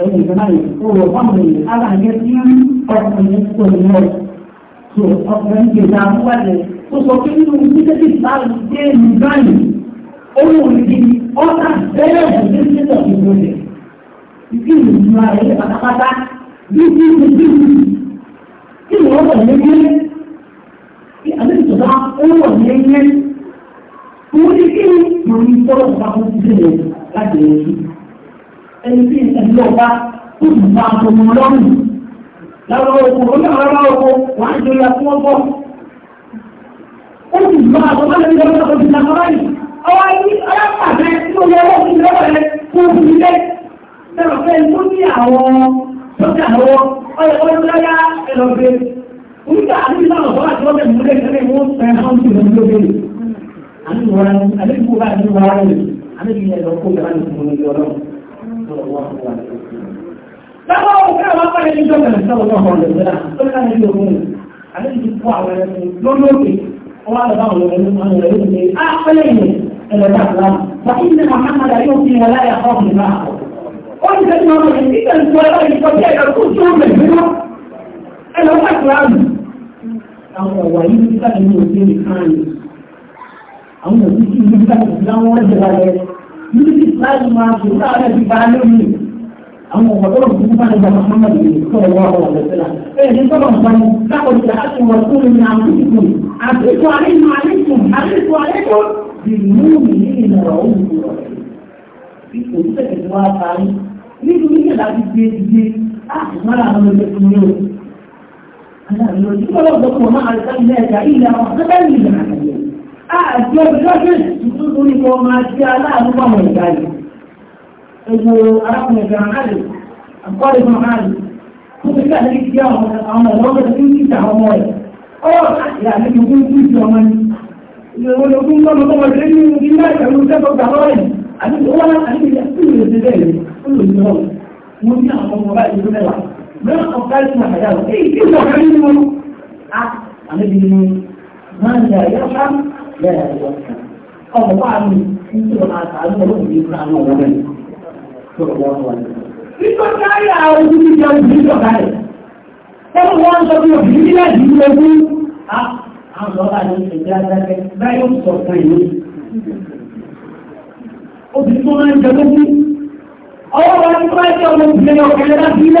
أي زمان هو ضمن على جسم قد يدخل النور سوء أصلا كذا ولا وصوتي من كتاب الصالح من بني أول دي أصلا بلا جسم تقول يمكن ما هي أتقطع يمكن يمكن كل هذا اللي kí àdéhùn bá ó wọ̀ ní ẹyẹ mo ní kí ni mo ní tọ́lọ̀ bá kó ti dé lọ láti ẹ̀yẹ yìí ẹni tí ẹni lọ bá kó sì bá a tó mọ lọ́rùn lára oko oníkàrà oko wàá jẹ ìyá tí wọ́n bọ̀ ó sì bá a tó bá lẹ́yìn lọ́wọ́ tó ti dàgbà báyìí ọwọ́ ayé alápàdé tó yẹ owó ti lọ́wọ́ rẹ kó o fi lé sọ̀rọ̀ pé tó ní àwọn tó ní àwọn ọyọ̀ ọdún láyá ẹ̀lọ́gbẹ̀ẹ́ nígbà àdúgbò àwọn ọ̀gá àti ọ̀gá ìmúlẹ̀ ìṣẹ̀lẹ̀ wọn fẹ́ hàn sí ìlú lóde àdúgbò wa àdúgbò wa àdúgbò wa rẹ̀ àdúgbò yẹn lọ kó yàrá nìkan ní ọlọ́run Báwo ọ̀gá wa fẹ́ ní ìjọba ìṣẹ́wọ̀ náà hàn lọ́dọ̀ tó ká ní ìlú òun àdúgbò kó àwọn ẹni lólóògbé ọwọ́ àlọ́ àwọn ọ̀rẹ́ àwọn ọ̀rẹ́ òun ní àpẹẹrẹ yẹn ẹ̀rọ̀dà àlá wà ní ìlú Muhammad ayé òfin wọn láyà ọ̀hún ní máa kọ̀. Ó ti sẹ́ni àwọn ọ̀wà yìí ti sáà ní òbí nìkan ni àwọn òbí tí ìlú sáà ti dá wọn jẹ wálẹ̀ níbi tí láti máa tó láàárẹ̀ ti bá lórí àwọn ọ̀wà tó lọ́wọ́ bá nígbà Muhammad sọ̀rọ̀ wà wà lọ́sẹ̀lá bẹ́ẹ̀ ni sọ́dọ̀ nǹkan ni lápòtì àti wọ́n tó lè ní àmúkùkù àtẹ̀tù mi ní ìlọ̀rọ̀ òun kúrọ̀ ipò tó tẹ̀síwá parí nítorí ìgbà láti gbé ìgbé àti فلو ذكر ما أرسلناك إلا رحمة للعالمين أعجب الرجل يقولني وما جاء لا نظام الجاي إذا أردنا جمعالي أقارب معالي كنت كأهل إتجاه من الأعمال رغم تكون كنت عمال أوه يعني يقول كنت عمال ويقول الله مطمع العلم وفي ما يقول كيف أبدعوين أنا أقول أنا أقول أقول أقول أقول أقول أقول أقول أقول أقول أقول أقول أقول من قبلت ما حداه ايه كيف تحرمني منه عن ابن من لا يرحم لا يرحم قال بعض انت àwọn ìdílé jẹ́ òṣèlú ọ̀gáyé. Wọ́n wọ́n ọ̀gá ni ìṣẹ̀dá adájẹ́ tó máa ń jẹ lógún. Ọwọ́ wa ní bá jẹ́ ọmọ òṣèlú ọ̀gáyé láti ilé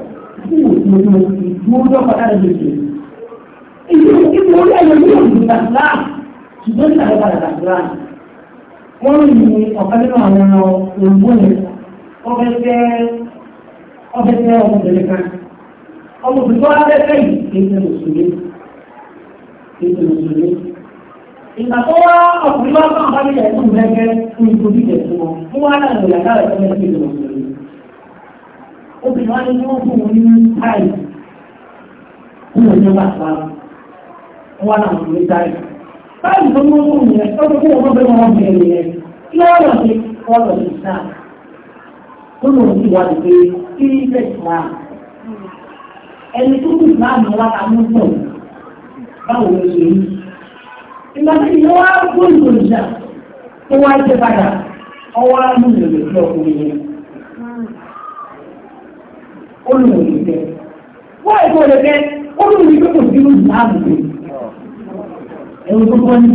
Ìgbóhùn ọ̀pá dára lè ṣe. Ìgbóhùn ìgbóhùn orí ẹ̀yọ̀ ní òògùn ìgbàlá ṣùgbọ́n ìgbàlá padà dàgbà. Wọ́n rìn ní ọ̀pá nínú àwọn òògùn rẹ̀. Ọbẹ̀ fẹ́ ọbẹ̀ fẹ́ ọmọbìnrin kan. Ọmọbìnrin tó wá fẹ́fẹ́ yìí kìí ṣe mùsùlùmí. Kìí ṣe mùsùlùmí. Ìgbà tó wá ọkùnrin bá fún àbájáde ẹ̀kọ́ ìrẹ́gẹ́ fún ìgbòkìtẹ̀ fún ọ. Wọ́n wá láàrin ìyàtọ̀ ẹ̀kọ́ obìnrin wáyé tí wọ́n fún wọn ní táì fún wọn ní ọba àpárá wọn náà wọn ní táì táì tó mú fún yẹn ó ti fún wọn bẹ́ẹ̀ wọn bẹ̀rẹ̀ yẹn kí wọ́n lọ sí wọ́n lọ sí sáà tó lọ sí ìwádìí pé kí ilẹ̀ islam ẹni tó kù islam wá ta mú pọ̀ báwo ló ṣe yí ìgbà tí ìyẹn wá gbóyè òrìṣà tó wá jẹ padà ọwọ́ á mú ìrẹ̀lẹ̀ sí ọkùnrin yẹn olùmọ̀lẹ́fẹ́ wọ́n ẹ̀kọ́ lẹ́fẹ́ olùmọ̀lẹ́fẹ́ kò sí ní ìlànà ẹ̀rọ tó kọ́ ní.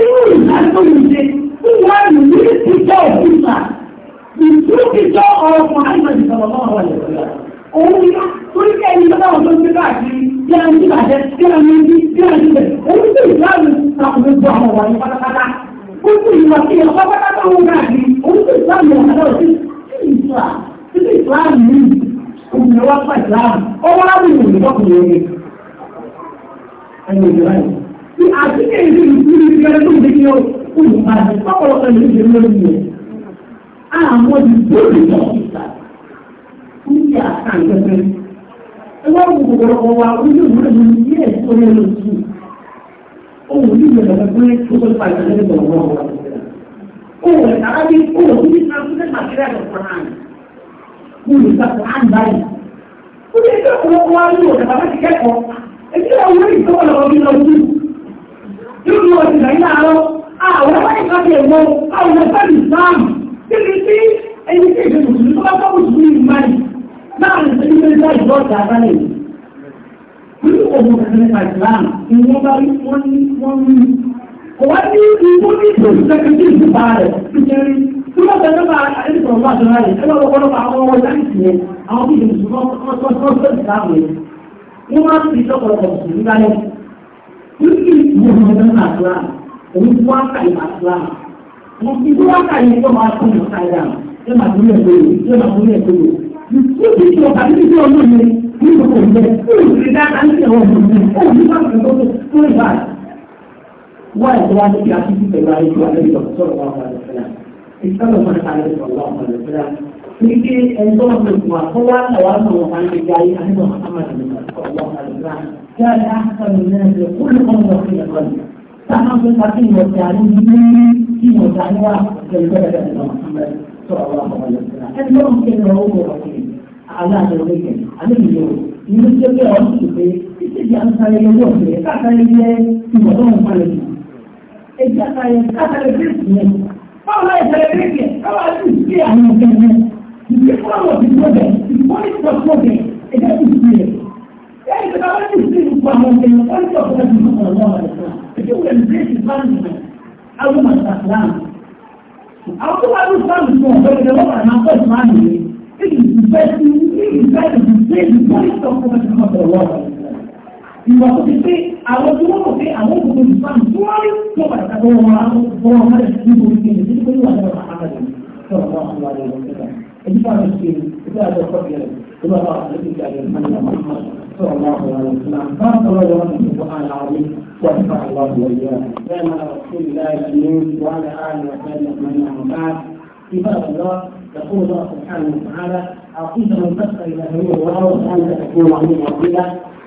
inú ìlànà tó yìí ṣe fún wọn ní ní ìjọ òkúta ìjú ìjọ ọ̀rọ̀ fún àìsàn ìṣọ̀rọ̀ náà wà lẹ́yìn òun ni torí kẹ́ ẹni lọ́wọ́ àwọn tó ń gbé káàkiri bí a ń bí bàjẹ́ bí a ń bí bí a ń bẹ̀ òun sì ìlànà àwọn gbogbo àwọn wà ní pátápátá ó sì ìwà sí ìwà pátápátá wọn káàkiri òun sì ìlànà obìnrin wá pa ìsìláàmù ọwọ́ láti ìlú ìfọkùnrin ẹni ẹni ìjọba yìí. ti àtúnyẹ̀ ìlú ìlú ìlú ẹni tó ń di kí ó kúrò padà ọ̀pọ̀lọpọ̀ ìlú ìlú lórí rẹ̀. àwọn ìdúró ìtọ́ ìta ń yà àǹtẹ̀tẹ̀. ẹgbẹ́ òkùnkùn kọ̀ọ̀kan wa ojú ìwúrẹ́ mi ní ẹ̀ tó yẹ lọ sí. ohun ní ìgbẹ̀rẹ̀ pẹ̀lú tó tó pa ìtàlẹ́ ní ìgbà tó á ń báyìí. Ó ti ṣe ọ̀pọ̀lọpọ̀ wá nínú ọ̀dà bàbá ti kẹ́kọ̀ọ́. Èyí náà wọ́n yìí tọ́wọ́ lọ́wọ́ bí lọ sí. Yóò lọ ah, sí ìgbà yìí láàárọ̀. Àwọn ọ̀pá ìgbà ti ẹ̀wọ̀ àwọn ọ̀pá ìsáàmù. Bíbi tí ẹni tí èdè mùsùlùmí tó bá bá mùsùlùmí ìmáyì láàrin ìṣẹ́jú mẹ́ta ìjọ ọ̀dà àbálẹ̀ yìí. Nínú òun kẹsàn-án nípa ìsìláàmù ni wọ́n bá wọ́n ní wọ́n ní. Kò wá ní ìwọ́n ní ìṣòro Nígbà Wọ́n máa wá Níbi tí ọ̀pá níbi tí ọmọ mi wà lẹ́yìn ọ̀sọ̀rọ̀ ìsọ́nà fún ẹ̀ka àlejò ọ̀gá ọmọ rẹ̀ fúnra ní kí ẹni tó wọn fún wa kó wá àwọn àwọn ọmọ máa ń gbé ayé àníbọ̀ àmàlà ọ̀gá ọmọ rẹ̀ fúnra kí á dá àkàlù náà lè kó lè kọ́ ọmọ fún ẹ̀kọ́ ni sáà fún ká kí ìwọ̀n ti àní ní kí ìwọ̀n ti àní wà pẹ̀lú bẹ́ẹ̀ bẹ́ẹ̀ lọ́wọ́ ẹni tó wọn kí ẹ Báwo la ìbẹ̀rẹ̀ kéèké? Káwá sì sí àwọn ọ̀gẹ̀dẹ̀. Ìgbé fúláwọ̀ ti tó bẹ̀, ìgbọ́n ti tó tó bẹ̀, ẹ̀jẹ̀ ti sí rẹ̀. Ẹ̀yìn tí káwá sì sí ìgbà àwọn ọ̀gẹ̀dẹ̀, wọ́n ti ọ̀gẹ̀dẹ̀ ti tó kọ̀ lọ́wọ́ rẹ̀ fún wa. Èdè wẹ̀ ní Gírísì Báńkì, àwọn Màtàkìláàmù. Àwọn tó bá ní Sáàmù fún ọ̀gẹ̀dẹ̀ wọ́n wà náà pẹ̀lú ìwà tó ti pé àwọn tí wọ́n mọ̀ pé àwọn òkùnkùn ìsìlámù tó wá rí tó padà ká bọ́ wọn àwọn bọ́ wọn mọ́lẹ̀ sí ibo ìpín ìdí tó ní wà ní ọ̀rọ̀ àkàdé sọ̀rọ̀ náà àwọn àlejò nígbà èyí bá mi ṣe ìgbà àjọ kọ́bí rẹ̀ tó bá bá àlejò ìgbà rẹ̀ mọ́lẹ̀ mọ́lẹ̀ sọ̀rọ̀ náà àwọn àlejò náà bá sọ̀rọ̀ lọ́wọ́ ní ìgbà àlàyé ونفع الله وإياه كما رسول الله الأمين وعلى آله وسلم أجمعين أما بعد عباد الله يقول الله سبحانه وتعالى أعطيت من تسعى إلى هذه الله وأنت تكون عليه وكيلا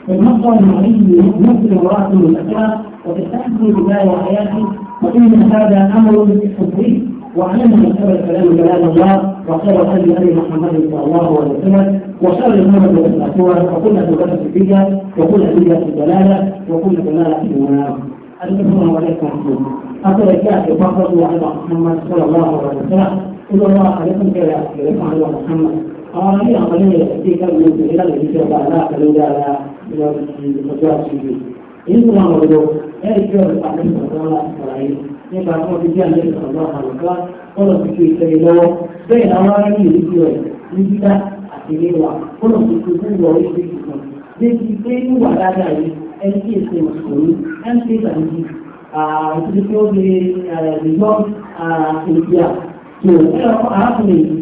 المصدر المعنى يمثل راسه الاسرى وتستحق بدايه حياته وان هذا امر حبي وعلينا من سبب كلام كلام الله وخير هدي هدي محمد صلى الله عليه وسلم وشر الامور المحدثات وكل محدثات بدعه وكل بدعه الدلالة وكل دلالة في المنام السلام عليكم ورحمه الله. أقول الكافي فقط وعلى محمد صلى الله عليه وسلم. إن الله عليكم كيف على محمد àwọn ọmọdé àwọn ọmọdé rẹ̀ sí ìkẹ́lù lóṣù ní láti ṣe ọba aláàkẹ́lẹ́ ó dára lọ sí ọjọ́ àṣìlè èyí tó máa wọ̀dọ̀ ẹ̀rí tí ọ̀rọ̀ pàdé ìsọ̀rọ̀ láti sọ̀rọ̀ yìí nípa fún ọdún tí a lè sọ̀rọ̀ àlùkà kọ́lọ̀ ti fi ìṣẹ̀lẹ̀ lọ́wọ́ bẹ́ẹ̀ làwọn ará ní ìlú rẹ̀ ní dídá àti níwà kọ́lọ̀ ti fi fún ìwà oríṣi ìṣùkàn débi pé níwà dáadáa yìí ẹni tí èsì mùsùlùmí ẹni tí èsì àti ìṣẹ̀lẹ̀ tí ó lè gbọ́ ìgbà tó ẹ̀rọ arákùnrin yìí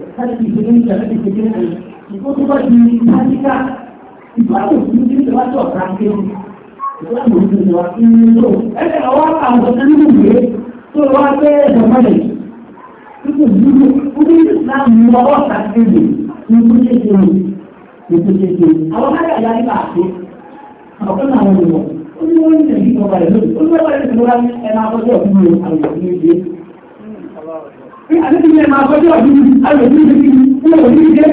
láti fi ìṣẹ́jú níta láti fi ìṣẹ́jú níta ìfọ́ tó bá di pàtíkà ìfọ́àmù tó ń gbé wá sọ̀ káàkiri ìfọ́àmù tó ń wá sí ní lò ẹ̀sẹ̀ àwọn àwọn ọ̀sán nínú ìwé tó wá fẹ́ ẹ̀dọ̀mọ́lẹ̀ kíkò dúró ó ní ìsìláàmù ọwọ́ káàkiri ní kó ṣe ṣe ní kó ṣe ṣe àwọn káyà yá nípa àti àwọn náà wọn ni wọn ó ní wọn ní ìṣẹ̀lẹ̀ ìjọba rẹ̀ lónìí ó ní wọn bá yẹ àti ilẹ̀ máa gbọ́dọ̀ ọdún alòdì ìdíjì ní òní jẹ́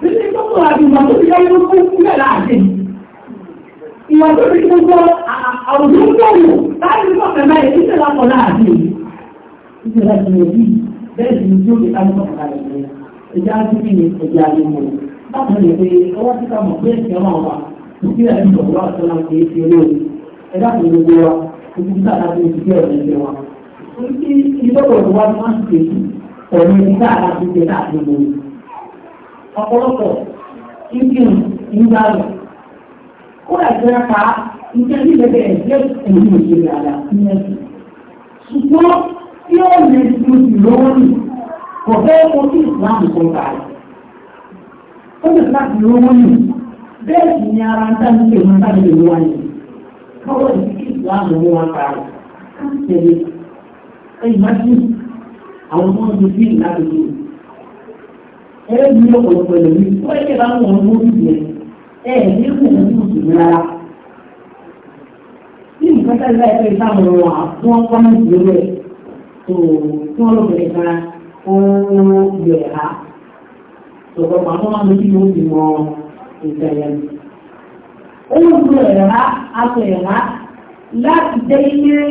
títí tó kọ̀ àti ìwà tó ti dáyé lókún nílẹ̀ láàrin ìwà tó ti gbogbo àwùjọ ń tọ̀wọ̀ láti ní ọ̀fẹ́ báyìí títẹ̀ lápọ̀ láàrin títẹ̀ láti ní òbí bẹ́ẹ̀ sì ní tí ó lè ká nípa ọ̀gá rẹ̀ ẹ̀já sí kí ni ẹ̀já ní mọ̀ bákan lè pe ọwọ́ tí ká mọ̀ pé ẹ̀sìn ọmọ wa kò sí ẹ̀rí ìjọba àtọ́lá kì í ní ìdókòwò tí wọ́n máa ń ṣe sí pẹ̀lú nígbà láti ṣe láti lò ọ̀pọ̀lọpọ̀ ìgbìn ìgbà rẹ̀ kó ẹ̀jẹ̀ pa ìjẹ́ nílẹ̀ bẹ̀rẹ̀ jẹ́ èyí òṣèlú àlà ní ẹ̀sìn ṣùgbọ́n tí ó lè ju ìlówó nì kò fẹ́ kó kí ìsìlámù tó bá rẹ̀ ó lè láti lówó nì bẹ́ẹ̀ sì ni ara ń dáni pé wọ́n bá lè wá yìí kọ́wọ́ ìdí kí ìsìlámù ló wá bá rẹ̀ ká tẹ̀lé ẹ̀yìn máa tí àwọn ọmọ ọdún sí ìlànà ẹ̀rẹ́ bí ọ̀pọ̀lọpọ̀ ẹ̀lẹ́mí ó ẹ̀kẹ́ bá wọn mú orí rẹ̀ ẹ̀ ní kò ní oṣù rárá. Ní nǹkan tá ìlà ẹ̀fẹ́ táwọn ọ̀rọ̀ àfún ọkọ̀ náà ti rẹ̀ tó tí wọ́n lọ́bẹ̀rẹ̀ kan ó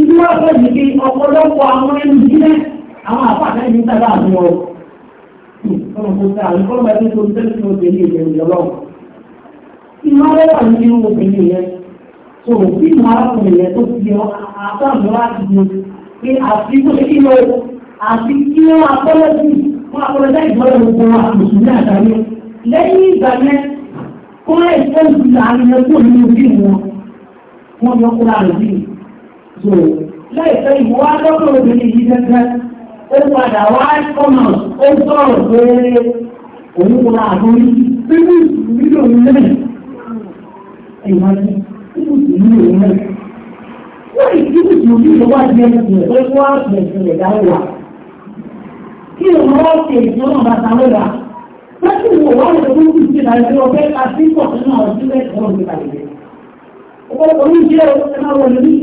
ibi wá pẹ̀ ní ọ̀pọ̀lọpọ̀ àwọn ẹni jílẹ̀ àwọn àpáàdé ní sábà mú ọ. Ọ̀nà kò sáà ní kọ́lọ́mọ ẹni tó ń tó ń tẹ̀lé ìlẹ̀ ìjọlọ́wọ́. Ìmọ̀ lẹ́wà ní irú obìnrin yẹn. Tò bí ìmọ̀ arákùnrin yẹn tó fi ọ àtàwọn láti di pé àti kó kí lọ àti kí wọ́n akọ́lẹ́ sí wọ́n akọ́lẹ́ dá ìgbọ́lẹ̀ gbogbo àmùsùn ní àgbáyé. Lẹ́yìn ìgbà yẹn, kó lè fẹ́ ìgbà àárín ẹgbẹ́ wọn. Wọ́n yọ kó láàrín bíi tó láìpẹ́ ìwà lọ́pọ̀ obìnrin yìí gẹ́gẹ́ ó padà wá kọ́nà ó sọ̀rọ̀ pé òun kò máa bọ́ nínú ìlú òun náà ẹ̀wọ̀n ní nínú òun náà wọ́n ìdílé tí òbí ló wá di ẹni tó ẹ̀ wá ndị rẹ̀ kí ṣe bàtà lọ́la wá lè láti àti pọ̀ sínú àwọn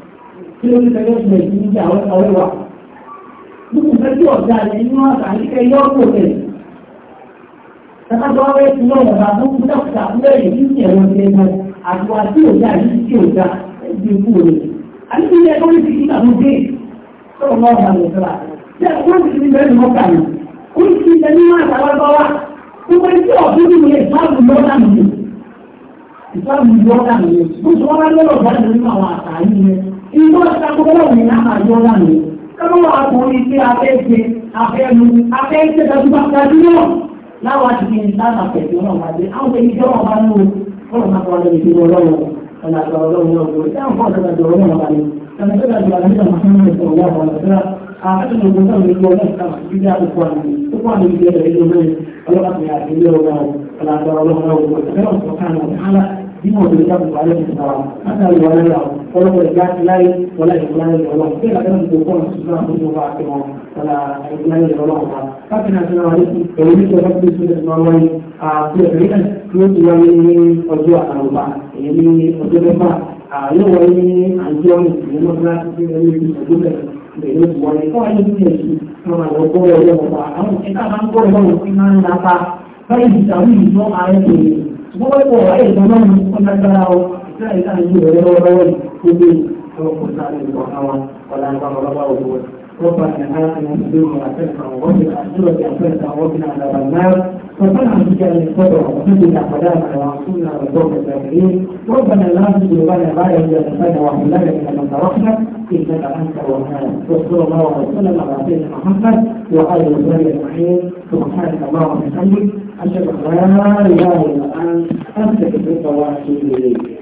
kí ló ní sẹ́kẹ́sì rẹ̀ ní ìjà àwọn ọ̀rẹ́ wa. Mo fẹ́ kí ọ̀gá rẹ̀ nínú àgbà níkẹ́ yọ́ kò tẹ̀. Tàbátọ́ wẹ́ ti lọ ọ̀gá tó kú dọ́kítà fúlẹ̀ rẹ̀ ní ìjẹ̀ wọn ti lẹ́nu àtúwà tí ọ̀gá yìí tí ọ̀gá ẹgbẹ́ ikú rẹ̀. Àbí ilé ẹ̀kọ́ ti kíkà ló dé sọ̀rọ̀ mọ́ ọ̀gá rẹ̀ sọ̀rọ̀. Ṣé ẹ̀kọ́ ti ti bẹ́ẹ̀ mọ́ kà ní? Ó nínú àgbà wá bá wá. Ìlú ìṣàkóso ní àjọ náà ni. Káwọn wà kò rí pé afẹ́ ṣe afẹ́nu afẹ́ ṣe dájúdájú náà láwọn àti kí n sáà pẹ̀lú náà wà dé. Àwọn èyí jọ́ wọn bá ń lò fọ́nà máa kọ́ lórí ìṣòro ọlọ́run. Ọ̀nà àgbà ọlọ́run náà lórí. Táwọn fọ́nà náà jọ̀rọ̀ náà wà ní. Ẹni tó dájú àti ìjọba fún mi sọ̀rọ̀ wà wà lọ́sẹ̀ Àwọn ọmọ náà ló lọ́wọ́ náà kàmá sí ìyá àkókò àná. Ó kọ́ àmì ìdílé rẹ̀ lórí ọlọ́pàá àti ìyá àti ìlú ọ̀gá ọ̀làdọ̀ ọlọ́pàá ọ̀gbọ̀n. Ẹgbẹ́ ọ̀sán kan náà nínú òṣèlú ìjọba ìgbà lẹ́yìn ìgbà wọn láti àlè wọn lẹ́yìn àwọn ọlọ́pọ̀ ìgbà ti láyé wọlé ìgbà lẹ́yìn ọlọ́run bí ìlànà ìgbà òkú ọ̀nà ṣùgbọ́n àwọn ọmọ bá ti wọn wọlé ìgbà lẹ́yìn ọlọ́run bá láti náà ti náà lẹ́kùn èyí ní ìjọba tó ṣe ìgbà wáyé àti ẹ̀fẹ̀ yìí yóò ti wáyé ní ọjọ́ àtàlùbá èyí ní ọjọ́ mẹ́fà yóò wáyé ní àjọ ìgbìmọ̀ mọ́tàlá ti ṣe ẹ̀yẹ́ ìgbìmọ̀ èyí ti wọlé kọ́ ẹni tí èyí wọn àwọn ọgbọ́n ọlọ́run bá àwọn ìṣẹ́ká máa ń gbọ́ ọlọ́run tí máa ń lápá báyìí ìtàwí ìjọ ààrẹ ṣùgbọ́n wọ́n pọ̀ ayé ìdáná ní ọ̀nàgbára ọ ìṣẹ́ ìdáná yìí rẹ̀ lọ́wọ́lọ́wọ́ ní gbogbo ọ̀pọ̀ sáré ìwọ̀n àwọn ọ̀làǹkà ọ̀lọ́gbà òwúrọ̀ على ربنا لا تجعلنا لنا غاية إلا لسانا من إنك أنت الوهاب وصلى الله وسلم على سيدنا محمد وآله وصحبه أجمعين سبحانك اللهم وبحمدك أشهد أن لا إله إلا أنت أستغفرك وأتوب إليك